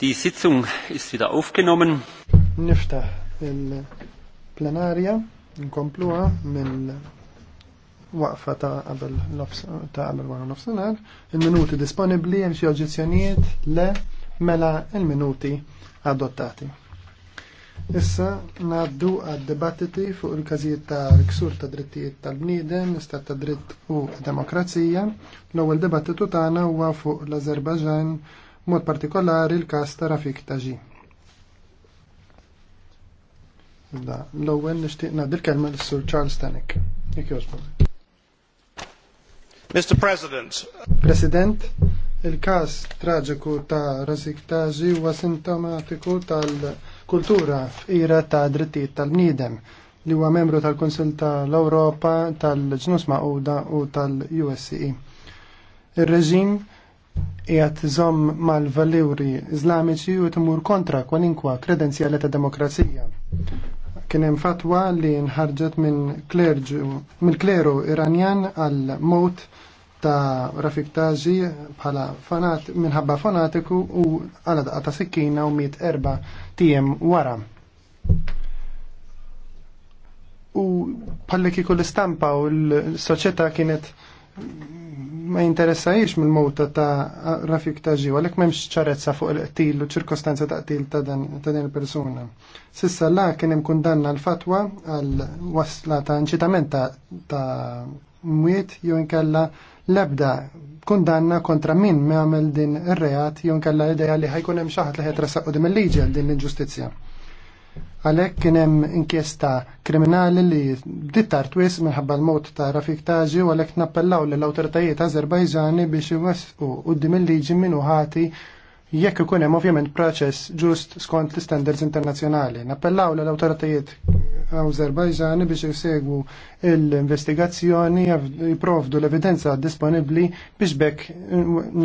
Die Sitzung ist wieder aufgenommen. Niftaħ il-plenarja nkompluha mill waqfa ta' qabel ta' qabel wara nofsinhar. Il-minuti disponibbli hemm xi oġġezzjonijiet le mela il-minuti adottati. Issa ngħaddu għad-dibattiti fuq il-każijiet ta' riksur ta' drittijiet tal-bniedem, istat ta' dritt u demokrazija. L-ewwel dibattitu tagħna huwa fuq l-Azerbajġan mod partikolari l-kas ta' Rafik Taġi. Da, l-ewwel nixtieq ngħaddi kelma lis-Sur Charles Tanek. Mr. President. President, il-każ traġiku ta' Rafik Taġi huwa sintomatiku tal-kultura f'ira ta' drittijiet tal-bniedem li huwa membru tal konsil tal-Ewropa tal-Ġnus Maquda u tal-USCE. Ir-reġim qiegħed iżomm mal-valuri iżlamiċi u timur kontra kwalinkwa kredenzjali ta' demokrazija. Kien hemm fatwa li nħarġet minn kleru Iranjan għal mot ta' Rafik Taġi bħala fanat minħabba fanatiku u għala daqqa ta' sikkina u miet erba tijem wara. U bħalli kiku l-istampa u l soċeta kienet ma jinteressajiex mill-mowta ta' Rafik Taġi, għalek memx ċarezza fuq il-qtil u ċirkostanza ta' qtil ta' din il-persuna. Sissa la kien hemm kundanna l-fatwa għal wasla ta' inċitament ta' mwiet jew inkella lebda kundanna kontra min ma' għamel din ir-reat jew inkella l-idea li ħajkun hemm xi ħadd li ħetressaq u il-liġi għal din l-inġustizzja. Għalhekk kien hemm inkjesta kriminali li dittar twis minħabba l mot ta' Rafik Taġi u għalhekk nappellaw lill awtoritajiet Azerbajġani biex u quddiem il-liġi minnu ħati jekk ikun hemm ovvjament proċess ġust skont l istandards internazzjonali. Nappellaw l awtoritajiet Azerbajġani biex jsegwu l-investigazzjoni jiprovdu l-evidenza disponibbli biex bekk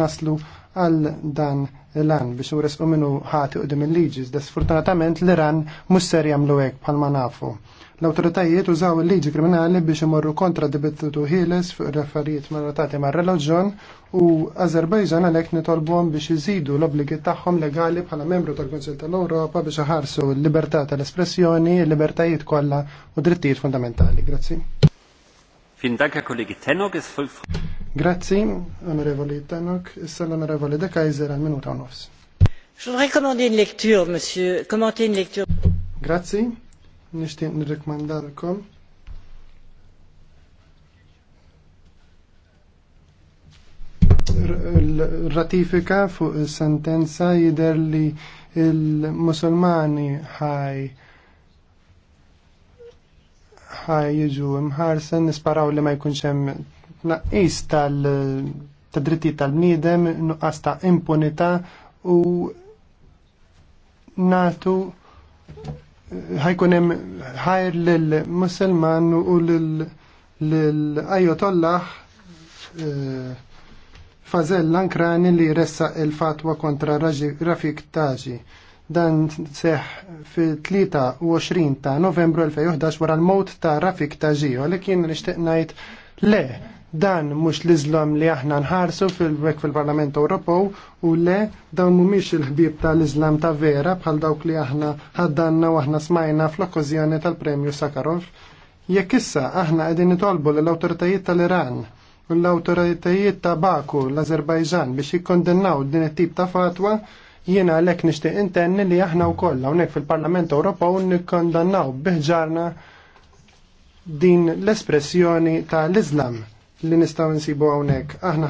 naslu għal dan l-an biex u resqu minnu ħati u dim il liġis Desfortunatament l-Iran ser jamlu hekk ma nafu. L-autoritajiet użaw il-liġi kriminali biex imorru kontra dibattitu ħieles fuq raffarijiet marratati mar reloġjon u Azerbajġan għalhekk nitolbuhom biex iżidu l-obbligi tagħhom legali bħala membru tal konsil tal-Ewropa biex iħarsu l-libertà tal-espressjoni, l-libertajiet kollha u drittijiet fundamentali. Grazzi. Fin danka kollegi Tenok is Grazzi, onorevoli Tenok, issa l-onorevoli De Kaiser għal minuta u nofs. Je voudrais commander une lecture, monsieur, commenter une lecture. Grazie nixtieq nirrekmandarkom. ratifika fuq sentenza jider li il-musulmani ħaj ħaj jiġu imħarsen nisparaw li ma jkunx hemm naqis tal ta' dritti tal-bniedem, nuqqas ta' impunità u natu ħajkun hemm ħajr lil musulman u lill-Ajotollah eh, Fazel l-ankrani li ressa il-fatwa kontra Rafik Taġi. Dan seħ fil-23 ta' novembru 2011 wara l-mowt ta' Rafik Taġi, li kien nishtiq ngħid le Dan mhux l-Iżlam li aħna nħarsu fil-wek fil-Parlament Ewropew u le dawn mhumiex il-ħbieb tal-Iżlam ta' vera bħal dawk li aħna ħaddanna u aħna smajna fl-okkużjoni tal-Premju Sakarov. Jekk issa aħna qegħdin nitolbu lill-awtoritajiet tal-Iran u l-awtoritajiet ta' Baku, l-Azerbajġan biex jikkondennaw din it-tip ta' fatwa, jiena għalhekk nixtieq intenni li aħna wkoll hawnhekk fil-Parlament Ewropew nikkondannaw biħġarna din l-espressjoni ta' l li nistaw nsibu għawnek. Aħna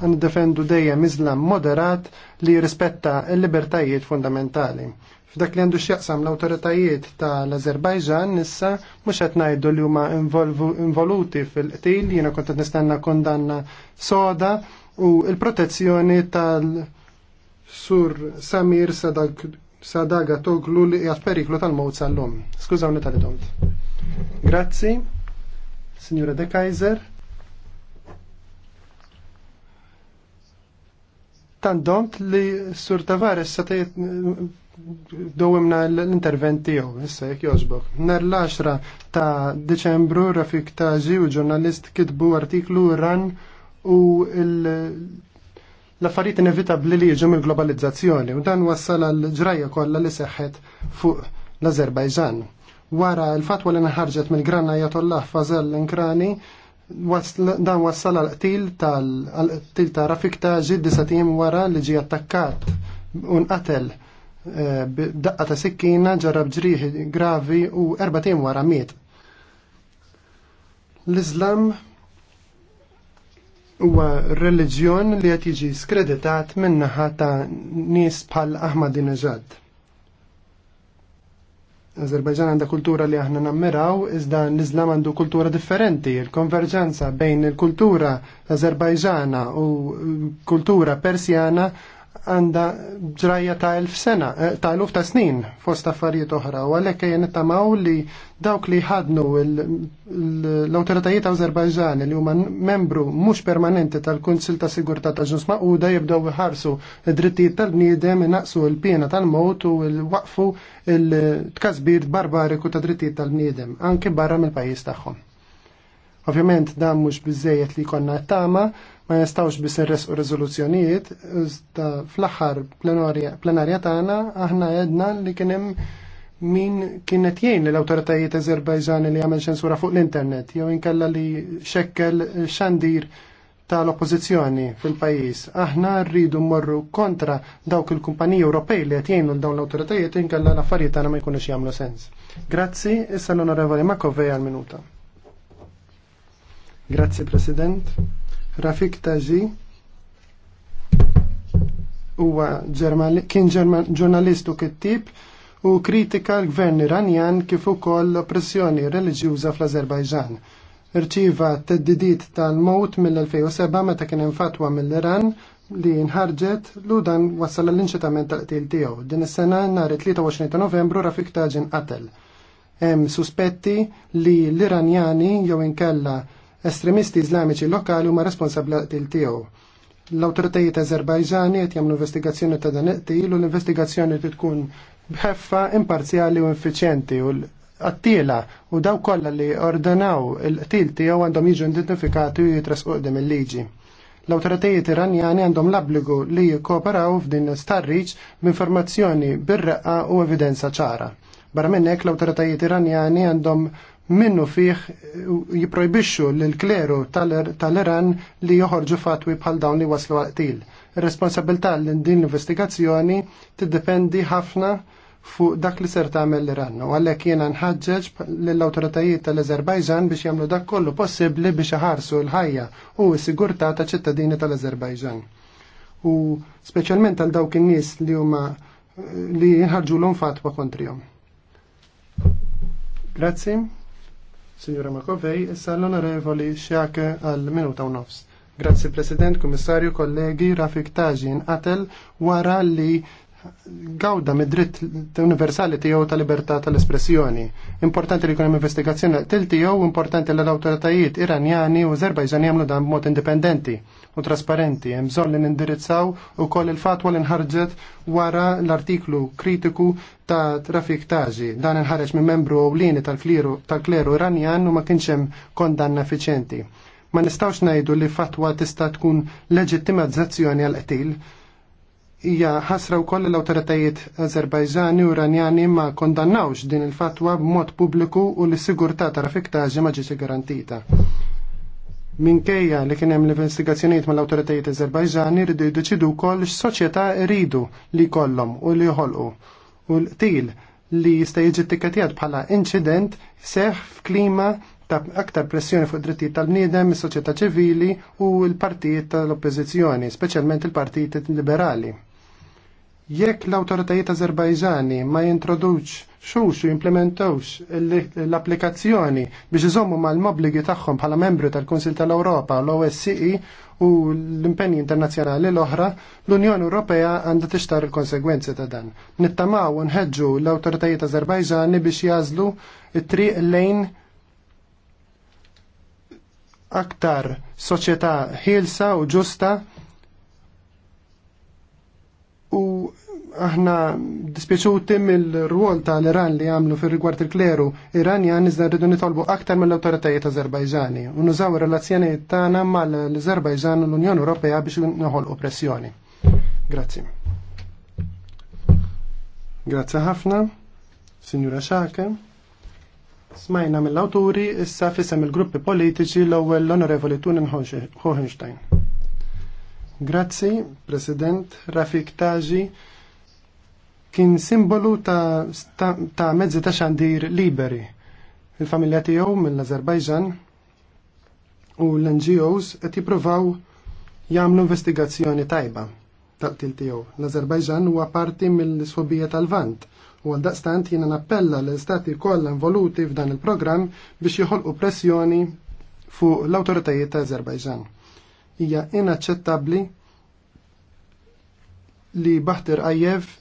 ħan defendu dejjem Islam moderat li rispetta l-libertajiet fundamentali. F'dak li għandu x'jaqsam l-autoritajiet tal-Azerbajġan nissa mhux qed ngħidu li huma involuti fil-qtil, jiena kont qed nistenna kondanna soda u l-protezzjoni tal-sur Samir Sadag Sadaga Toglu li għat periklu tal-mowt sal-lum. Skużawni tal-idont. Grazzi, signora De Kaiser. tandomt li Sur Tavares sa dowemna l-intervent tiegħu issa jekk jogħġbok. Nar l-10 ta' Deċembru Rafik Taġi u ġurnalist kitbu artiklu ran u l-affarijiet inevitabbli li jiġu mill-globalizzazzjoni u dan wassal l ġrajja kollha li seħħet fuq l-Azerbajġan. Wara l-fatwa li naħarġet mill gran Ajatollah Fazel l-Inkrani dan wassal għal-qtil tal-qtil ta' Rafik ġid disatim wara li ġi attakkat qatel eh, b'daqqa ta' sikkina ġarrab ġrieħi gravi u erbatejn wara miet. L-Islam huwa reliġjon li qed jiġi skreditat min-naħa ta' nies bħal Ahmadinejad Azerbajġan għanda kultura li aħna nammiraw, iżda l-Islam għandu kultura differenti. Il-konverġenza bejn il-kultura Azerbajġana u kultura Persjana għanda ġrajja ta' elf sena, eh, ta' eluf ta' snin fost affarijiet oħra, u għalek jen tamaw li dawk li ħadnu l-autoritajiet Azerbajġani li huma membru mhux permanenti tal-Kunsil ta' sigurta ta' Ġnus Maquda jibdew iħarsu id-drittijiet tal-bniedem innaqsu l-pjena tal-mowt u l-waqfu l tkazbir barbariku ta' drittijiet tal-bniedem anke barra mill-pajjiż tagħhom. Ovvjament dan mhux biżejjed li konna tama, ma nistawx biss nresqu rezoluzzjonijiet, iżda fl-aħħar plenarja tagħna aħna għedna li kien hemm min kienet jgħin l-awtoritajiet Azerbajġani li għamel ċensura fuq l-internet, jew inkella li xekkel xandir tal-oppożizzjoni fil-pajjiż. Aħna rridu mmorru kontra dawk il-kumpaniji Ewropej li qed jgħinu dawn l-awtoritajiet inkella l-affarijiet tagħna ma jkunux jagħmlu sens. Grazzi, issa l-Onorevoli Makovej għal-minuta. Grazzi President. Rafik taġi. huwa kien ġurnalist u kittib u kritika l-gvern iranjan kif ukoll l-oppressjoni reliġjuża fl-Azerbajġan. Irċiva teddidiet tal-mowt mill-2007 meta kien hemm fatwa mill-Iran li nħarġet lu dan wassal l-inċetament tal-qtil tiegħu. Din is-sena nhar 23 ta' Novembru Rafik Taġin qatel. Hemm suspetti li l-Iranjani jew inkella Estremisti iżlamiċi lokali huma responsabbli qtil tiegħu. L-awtoritajiet Azerbajġani qed jagħmlu investigazzjoni ta' dan iqtil u l-investigazzjoni trid tkun bħeffa imparzjali u effiċjenti u għattila u daw kollha li ordenaw il-qtil tiegħu għandhom jiġu identifikati u jitrasqu qdim il-liġi. L-awtoritajiet iranjani għandhom l-obbligu li jikkooperaw f'din starriċ b'informazzjoni bir-reqqa u evidenza ċara. Barra minnek l-awtoritajiet iranjani għandhom minnu fiħ jiprojbixxu l-kleru tal-Iran li joħorġu fatwi bħal dawn li waslu għaqtil. Ir-responsabilità l din l-investigazzjoni tiddependi ħafna fuq dak li ser tagħmel l-Iran. U għalhekk jiena nħaġġeġ lill-awtoritajiet tal-Azerbajġan biex jagħmlu dak kollu possibbli biex iħarsu l-ħajja u s-sigurtà ta' ċittadini tal-Azerbajġan. U speċjalment għal dawk in-nies li huma li jinħarġu l-om fatwa kontrihom. Grazie. Signora Makovej, issa l-onorevoli xjake għal minuta u nofs. Grazie, President, Komissarju, kollegi, Rafik Tajin, atel, wara li gawda mid-dritt universali tiegħu ta' libertà tal-espressjoni. Importanti li jkun hemm investigazzjoni til tiegħu importanti li l-awtoritajiet Iranjani u Azerbajġan jagħmlu dan b'mod indipendenti u trasparenti. Hemm bżonn li nindirizzaw ukoll il-fatwa li nħarġet wara l-artiklu kritiku ta' trafik taġi. Dan inħareġ minn membru ewlieni tal-kleru Iranjan u ma kienx hemm kondanna effiċenti. Ma nistgħux ngħidu li fatwa tista' tkun leġittimizzazzjoni għal qtil hija ħasra wkoll l-awtoritajiet Azerbajġani u Iranjani ma kondannawx din il-fatwa b'mod pubbliku u l-sigurtà tal-affiktaġi ma ġietx garantita. Minkejja li kien hemm l-investigazzjonijiet mal-awtoritajiet Azerbajġani rridu jiddeċidu wkoll x'soċjetà rridu li jkollhom u li jħolqu. U l til li jista' jiġi tikkatjat bħala inċident seħ f'klima ta' aktar pressjoni fuq drittijiet tal-bniedem, is-soċjetà ċivili u l-partijiet tal-oppożizzjoni, speċjalment il-partijiet liberali. Jekk l-autoritajiet azerbajżani ma jintroduċ xux u implementawx l-applikazzjoni biex iżommu mal mobligi tagħhom bħala membri tal-Kunsil tal-Ewropa, l-OSCE u l-impenni internazzjonali l-oħra, l-Unjoni Ewropea għandha tixtar il-konsegwenzi ta' dan. Nittamaw u nħeġġu l-awtoritajiet azerbajżani biex jażlu it-triq lejn aktar soċjetà ħielsa u ġusta u aħna dispiċuti mill-rwol tal-Iran li għamlu fir rigward il-kleru jgħan nizna rridu nitolbu aktar mill autoritajiet Azerbajġani Unużaw nużaw ir-relazzjonijiet tagħna mal azerbajġan u l-Unjoni Ewropea biex noħolqu pressjoni. Grazzi. Grazzi ħafna, Signora Xaka. Smajna mill-awturi issa fisem il-gruppi politiċi l-ewwel l-Onorevoli Tunin Hohenstein. Grazzi, President Rafik Taġi kien simbolu ta', ta, ta mezzi ta' xandir liberi. Il-familja tiegħu mill-Azerbajġan u l-NGOs qed jippruvaw jagħmlu investigazzjoni tajba taqtil tiegħu. L-Azerbajġan huwa parti mill-sħobija tal-Vant u għal daqstant jiena nappella l-istati kollha involuti f'dan il-programm biex joħolqu pressjoni fuq l-awtoritajiet ta' Azerbajġan. Hija inaċċettabbli li Baħtir Ajjev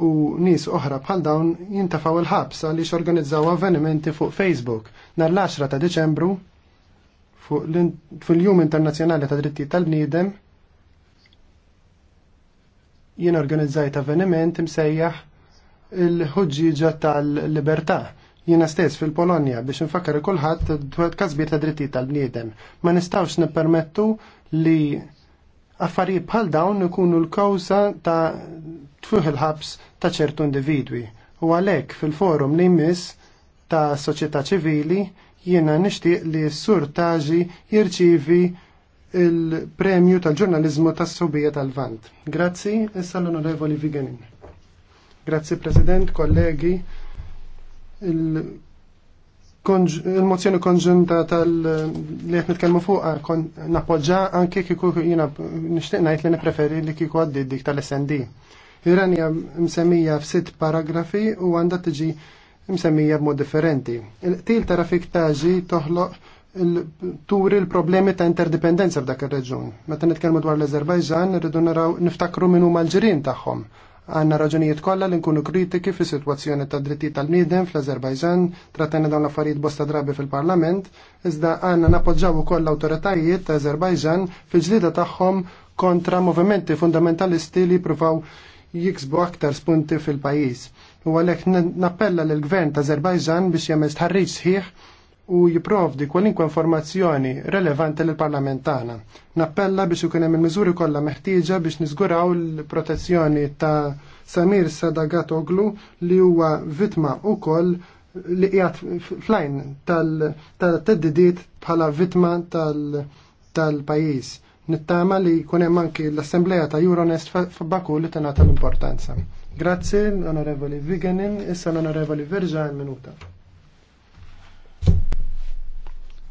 u nies oħra bħal dawn jintafaw il-ħabs għaliex organizzaw avvenimenti fuq Facebook nhar l-10 ta' Deċembru fuq l jum Internazzjonali ta' Dritti tal-Bniedem jien organizzajt avveniment imsejjaħ il-ħuġġiġa tal-libertà jiena stess fil-Polonja biex nfakkar kulħadd dwar kasbiet ta' dritti tal-bniedem. Ma nistawx nippermettu li affarijiet bħal dawn ikunu l-kawsa ta' tfuħ il-ħabs ta' ċertu individwi. U għalhekk fil-forum li jmiss ta' soċjetà ċivili jiena nishtiq li s-sur taġi jirċivi il-premju tal-ġurnalizmu tas-subija tal-Vant. Grazzi, issa l-Onorevoli Viganin. Grazzi, President, kollegi, il-mozzjoni konġunta tal-li għet kelmu fuqa napoġġa anke kiku jiena nishtiq najt li nipreferi li kiku għaddi dik tal-SND. Iranja msemmija f'sitt paragrafi u għandha tiġi msemmija b'mod differenti. il tara fik Taġi toħloq turi l-problemi ta' interdipendenza f'dak ir-reġun. Meta nitkellmu dwar l-Azerbajġan, irridu naraw niftakru minn huma l-ġirien tagħhom. Għanna raġunijiet kollha li nkunu kritiki fi situazzjoni ta' dritti tal-niedem fl-Azerbajġan, trattajna dawn l-affarijiet bosta drabi fil-Parlament, iżda għanna napoġġaw ukoll l-awtoritajiet ta' Azerbajġan fil-ġlida tagħhom kontra movimenti fundamentalisti li pruvaw jiksbu aktar spunti fil-pajis. U għalek nappella l-gvern ta' Azerbajġan biex jemmel tħarriġ sħiħ u jiprovdi kwalinkwa informazzjoni relevanti l-Parlament tagħna. Nappella biex ikun hemm il-miżuri kollha meħtieġa biex niżguraw l-protezzjoni ta' Samir Sadagat oglu li huwa vitma koll li qiegħed flajn tal teddidit bħala vitma tal-pajjiż. Tal Nittama li kunem anki l-Assembleja ta' Euronest f'Baku li tenata l-importanza. Grazie, l-Onorevoli Viganin, issa l-Onorevoli Verġa minuta.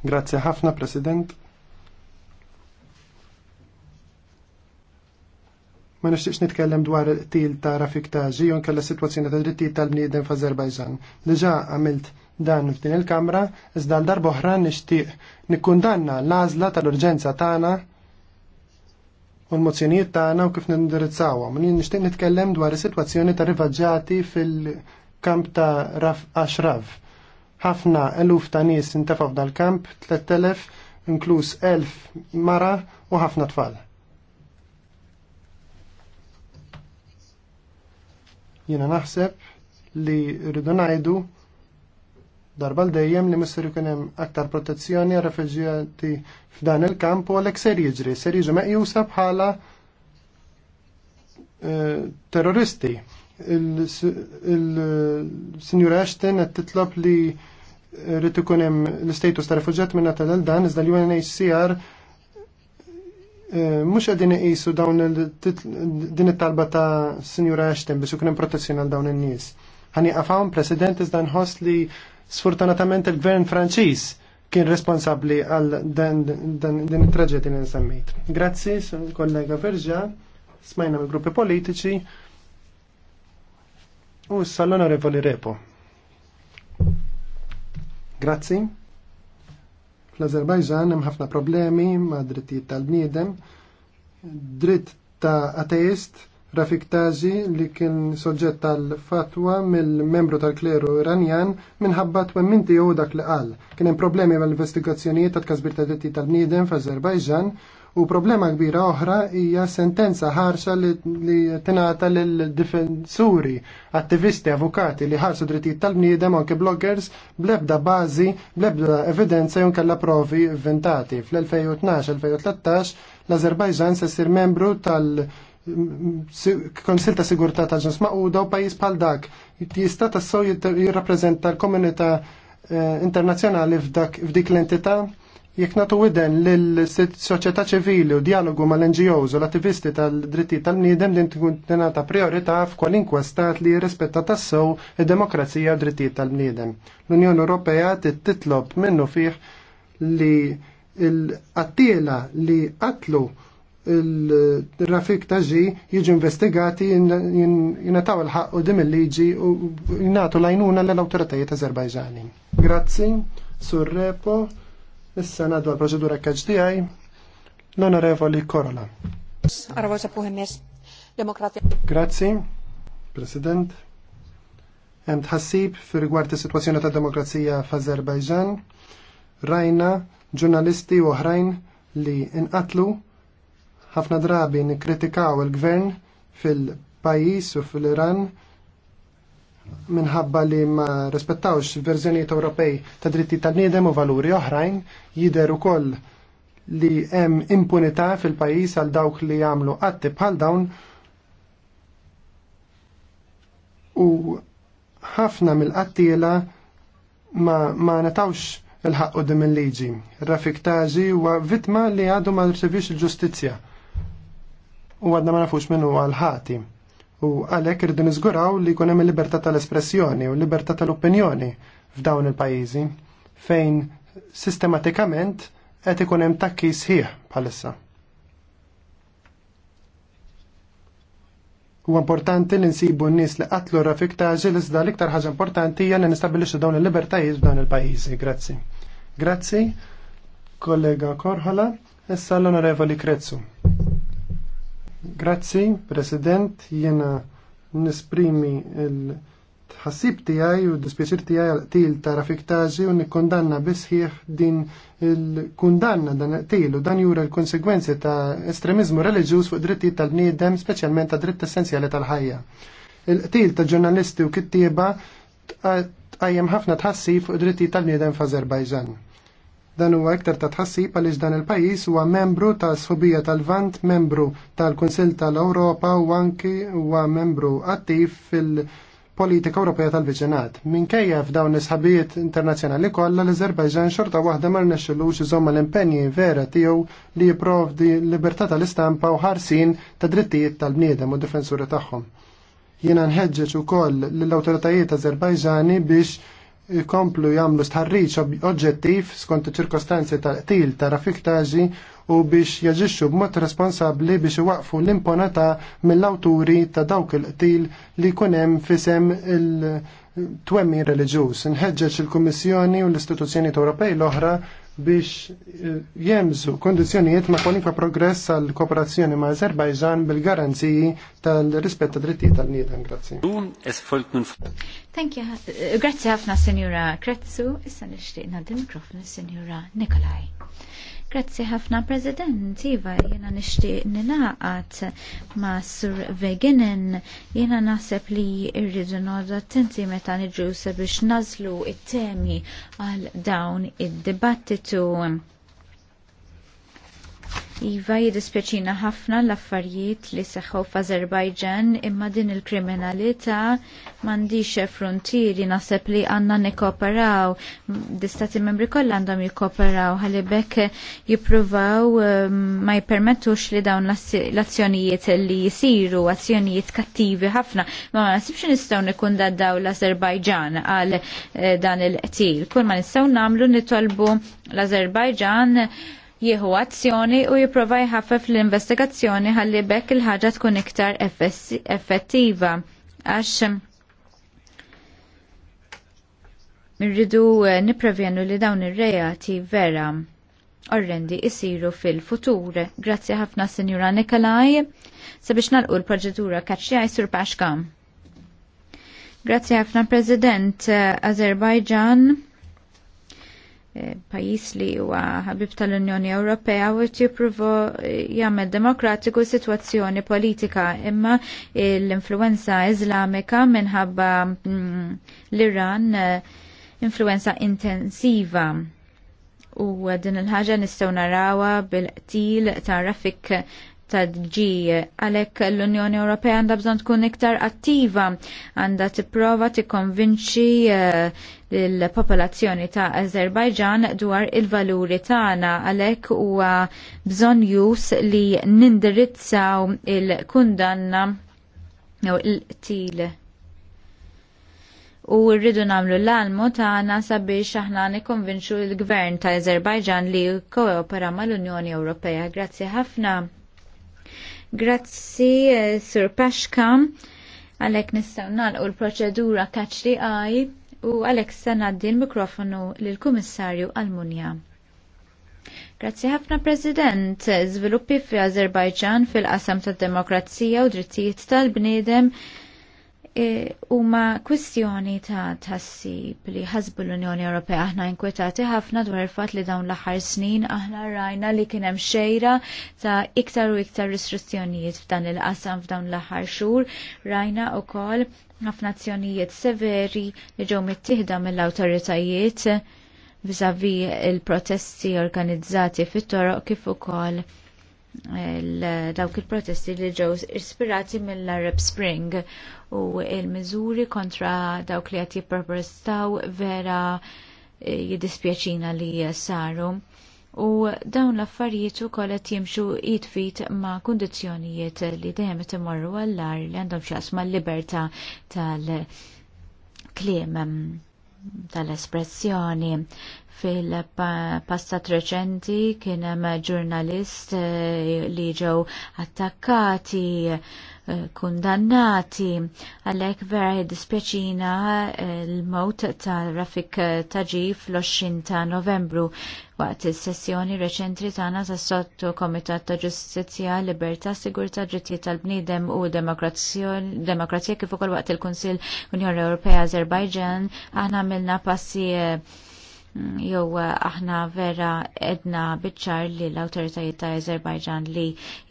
Grazie ħafna, President. ma nixtieqx nitkellem dwar til ta' Rafik Taġi u kalla situazzjoni ta' drittijiet tal-bniedem f'Azerbajġan. Diġà għamilt dan f'din il-Kamra, iżda l darbo oħra nixtieq nikkundanna l-għażla tal-urġenza tagħna u l-mozzjonijiet tagħna u kif nindirizzawhom. Nixtieq nitkellem dwar is-sitwazzjoni ta' rivaġġati fil-kamp ta' Raf Ashraf. Ħafna eluf ta' nies intefgħu f'dal-kamp, 3000 inkluż 1000 mara u ħafna tfal. Jiena naħseb li rridu ngħidu darba l-dejjem li misser ikun hemm aktar protezzjoni għal refuġjati f'dan il-kamp u għalhekk ser jiġri, ser jiġu meqjusa bħala eh, terroristi. Il-Sinjura Ashton qed titlob li rrid ikun hemm l-istatus ta' refuġjat minn tal dan iżda l-UNHCR eh, mhux qegħdin iqisu dawn din it-talba ta' Sinjura Ashton biex ikun hemm protezzjoni għal dawn in-nies. Ħani qafawn President iżda nħoss li Sfortunatament il-gvern Franċiż kien responsabbli għal din il traġedja li nsemmejt. Grazzi, kollega Verġa, smajna mill-gruppi politiċi u issa onorevoli Repo. Grazzi. Fl-Azerbajġan hemm ħafna problemi ma' drittijiet tal-bniedem, dritt ta' ateist Rafik Tazi li kien soġġett tal-fatwa mill-membru tal-kleru iranjan minħabba twemminti jew dak li qal. Kien hemm problemi mal-investigazzjonijiet ta' tkasbir ta' detti tal-bniedem f'Azerbajġan u problema kbira oħra hija sentenza ħarxa li tingħata lil difensuri, attivisti, avukati li ħarsu drittijiet tal-bniedem anke bloggers blebda bażi, blebda evidenza jew kella provi inventati. Fl-2012-2013 l-Azerbajġan se sir membru tal- konsil ta' sigurtà ta' ġnus maquda u pajjiż bħal dak jista' tassew jirrappreżenta l-komunità eh, internazzjonali f'dik l-entità jekk nagħtu widen l soċjetà ċivili u dialogu mal-NGOs u l-attivisti tal-dritti tal-bniedem din tkun tingħata priorità f'kwalinkwa stat li jirrispetta tas-sow id-demokrazija u drittijiet tal nidem L-Unjoni Ewropea titlob minnu fih li l attila li qatlu il-trafik ta' ġi jiġu investigati jinnataw il ħak u dim il-liġi u jinnatu lajnuna l-autoritajiet Azerbajġani. Grazzi, surrepo, issa nadu għal-proċedura kħġdijaj, l-onorevoli Korola. Arvoisa puhemies, demokratija. Grazzi, president. Hemm tħassib fir-rigward is-sitwazzjoni ta' demokrazija f'Azerbajġan. Rajna ġurnalisti u oħrajn li inqatlu ħafna drabi nikkritikaw il-gvern fil-pajis u fil-Iran minħabba li ma rispettawx verżjonijiet Ewropej ta' dritti tal-niedem u valuri oħrajn jider ukoll li hemm impunità fil-pajis għal dawk li jagħmlu qatti bħal dawn u ħafna mill-qattiela ma, ma netawx il-ħaq u dim il-liġi. Rafik u huwa vittma li għadu ma rċevix il-ġustizzja u għadna ma nafux minnu għal-ħati. U għalek rridu nizguraw li kunem il-libertà tal-espressjoni u libertà tal-opinjoni f'dawn il-pajizi fejn sistematikament qed ikun hemm takki sħiħ bħalissa. U importanti li nsibu n-nies li qatlu rafiktaġi li iżda l-iktar ħaġa importanti hija li nistabilixxu dawn il-libertajiet f'dawn il-pajjiżi. Grazzi. Grazzi, kollega Korħala, issa l-Onorevoli Krezzu. Grazzi, President, jena nisprimi il-ħassib tijaj u dispieċir tijaj għal ta' Rafik Taġi u nikkondanna bisħiħ din il-kundanna dan qtil u dan jura l-konsegwenzi ta' estremizmu reliġjuż fuq dritti tal-bniedem, speċjalment ta' dritt essenzjali tal-ħajja. Il-qtil ta' ġurnalisti u kittieba tqajjem ħafna tħassib fuq dritti tal-bniedem f'Azerbajġan Dan huwa iktar ta' tħassib għaliex dan il-pajjiż huwa membru ta' sħubija tal-Vant, membru tal-Kunsill tal-Ewropa u anki huwa membru attiv fil-politika Ewropea tal-Viċinat. Minkejja f'dawn is sħabijiet internazzjonali kollha l-Azerbajġan xorta waħda ma rnexxilux iżomma l-impenji vera tiegħu li jipprovdi libertà tal-istampa u ħarsin ta' drittijiet tal-bniedem u difensuri tagħhom. Jiena nħeġġeġ ukoll lill-awtoritajiet Azerbajġani biex jkomplu jagħmlu stħarriċ oġġettiv skont ċirkostanzi ta' qtil ta' rafiktaġi u biex jaġixxu b'mod responsabbli biex iwaqfu l-imponata mill-awturi ta' dawk il-qtil li jkun hemm fisem il-twemmin reliġjuż. Inħeġġeġ il-Kummissjoni u l-istituzzjoni Ewropej l-oħra biex eh, jemżu kondizjonijiet ma' kwalinkwa progress għal kooperazzjoni ma' Azerbajġan bil-garanziji tal-rispetta drittijiet tal nieta Grazie. Thank you. Eh, grazzi ħafna, Senjura Kretzu. Issa nishtiqna nad il-mikrofonu, Senjura Nikolaj. Grazzi ħafna President, Iva, jena nishtiq ninaqat ma Sur Veginen, jena naħseb li irridu nodu attenti meta nidġu biex nazlu it-temi għal dawn id-dibattitu. Iva jidispeċina ħafna l-affarijiet li seħħu f'Azerbajġan imma din il-kriminalità m'għandix frontieri naħseb li għandna nikkooperaw. Distati istati membri kollha għandhom jikoperaw ħalli bekk jippruvaw ehm, ma jipermettux li dawn l-azzjonijiet li jisiru azzjonijiet kattivi ħafna. Ma ma nasibx nistgħu nikundaddaw l-Azerbajġan għal eh, dan il-qtil. Kull ma nistgħu nagħmlu nitolbu l-Azerbajġan jieħu azzjoni u jipprova jħaffef l-investigazzjoni ħalli bekk il-ħaġa tkun iktar effettiva. Għax rridu eh, nipprevenu li dawn ir-reati vera orrendi isiru fil-futur. Grazzi ħafna Sinjura Nikolaj sabiex nalqu l-proċedura kaċċi sur Paxkam. Grazzi ħafna President eh, Azerbajġan. Eh, pajis li huwa ħabib tal-Unjoni Ewropea u jippruvo eh, jagħmel demokratiku sitwazzjoni politika imma l-influenza Iżlamika minħabba mm, l-Iran eh, influenza intensiva u din il-ħaġa nistgħu narawha bil-qtil ta' Rafik ta' DG. Għalek l-Unjoni Ewropea għandha bżon tkun iktar attiva, għandha tipprova tikkonvinċi eh, l-popolazzjoni ta' Azerbajġan dwar il-valuri tagħna għalhekk huwa bżonn jus li nindirizzaw il-kundanna jew il-qtil u rridu namlu l-almu tagħna sabiex aħna nikkonvinċu l-gvern ta' Azerbajġan li kooperam mal-Unjoni Ewropea. Grazzi ħafna. Grazzi, eh, Sur Pashka, għalek nistaw nalqu l-proċedura kaċli għaj u għalek sanaddi l-mikrofonu l-Kummissarju Almunja. Grazzi ħafna President, żviluppi fi Azerbajġan fil-qasam tad-demokrazija u drittijiet tal-bniedem E, huma kwistjoni ta' tassib li ħasbu l-Unjoni Ewropea aħna inkwetati ħafna dwar il-fatt li dawn l-aħħar snin aħna rajna li kien hemm xejra ta' iktar u iktar restrizzjonijiet f'dan il-qasam f'dawn l-aħħar xhur rajna wkoll ħafna azzjonijiet severi li ġew mittieħda mill-awtoritajiet viżavi il-protesti organizzati fit-toroq kif ukoll dawk il-protesti li ġew ispirati mill-Arab Spring u il-miżuri kontra dawk li qed jipprotestaw vera eh, jiddispjaċina li saru u dawn l-affarijiet ukoll qed jimxu jitfit ma' kundizzjonijiet li dejjem qed imorru li għandhom xasma l-libertà tal-kliem mm, tal-espressjoni. Fil-passat reċenti kien hemm ġurnalist eh, li ġew attakkati Eh, kundannati. Għalek vera dispjaċina eh, l-mot ta' Rafik eh, Taġi fl-20 ta' novembru waqt il-sessjoni reċentri tagħna ta' sottu Komitat ta' Ġustizzja, Libertà, Sigurtà, Ġittijiet tal-Bniedem u Demokrazija kif ukoll waqt il-Kunsill Unjoni Ewropea Azerbajġan aħna għamilna passi jew eh, aħna vera edna biċċar li l-autoritajiet ta' Azerbajġan li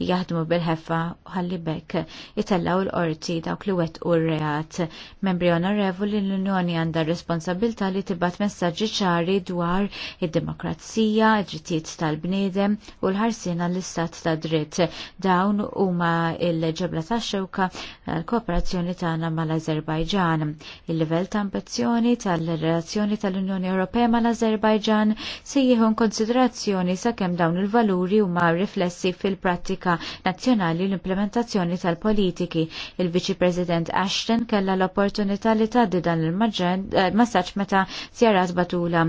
jaħdmu bil-ħeffa ħalli bekk itellaw l-qorti dawk li wet u reat Membri onorevoli l-Unjoni għandha responsabilta li tibat messaġġi ċari dwar id-demokrazija, id-drittijiet tal-bniedem u l-ħarsina l-istat ta' dritt. Dawn huma il-ġebla ta' xewka l-kooperazzjoni tagħna mal-Azerbajġan. Il-livell ta' ambizzjoni tal-relazzjoni tal-Unjoni Ewropea mal l-Azerbajġan se jieħu konsiderazzjoni sakemm dawn il-valuri huma riflessi fil-prattika nazzjonali l-implementazzjoni tal-politiki. Il-Viċi President Ashton kella l-opportunità li tgħaddi dan il-massaġġ eh, meta zjarat Batula.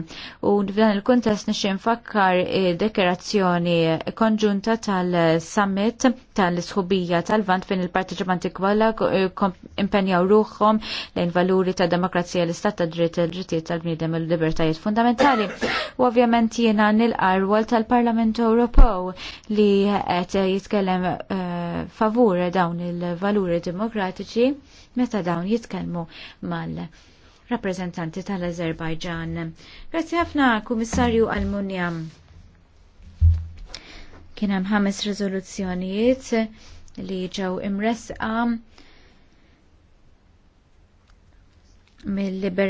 U f'dan il-kuntest nixi nfakkar dekorazzjoni konġunta tal-summit tal-sħubija tal-vant fejn il-partiċipanti kollha eh, impenjaw ruħhom lejn valuri ta' demokrazija l-istat ta' dritt il-drittijiet tal-bniedem il-libertajiet fundamentali parlamentari. U ovvjament jiena nil-qarwol tal-Parlament Ewropew li qed jitkellem eh, favur dawn il-valuri demokratiċi meta dawn jitkellmu mal rappresentanti tal-Azerbajġan. Grazzi ħafna, Kummissarju Almunja. Kien hemm ħames riżoluzzjonijiet li ġew imresqa mill-liber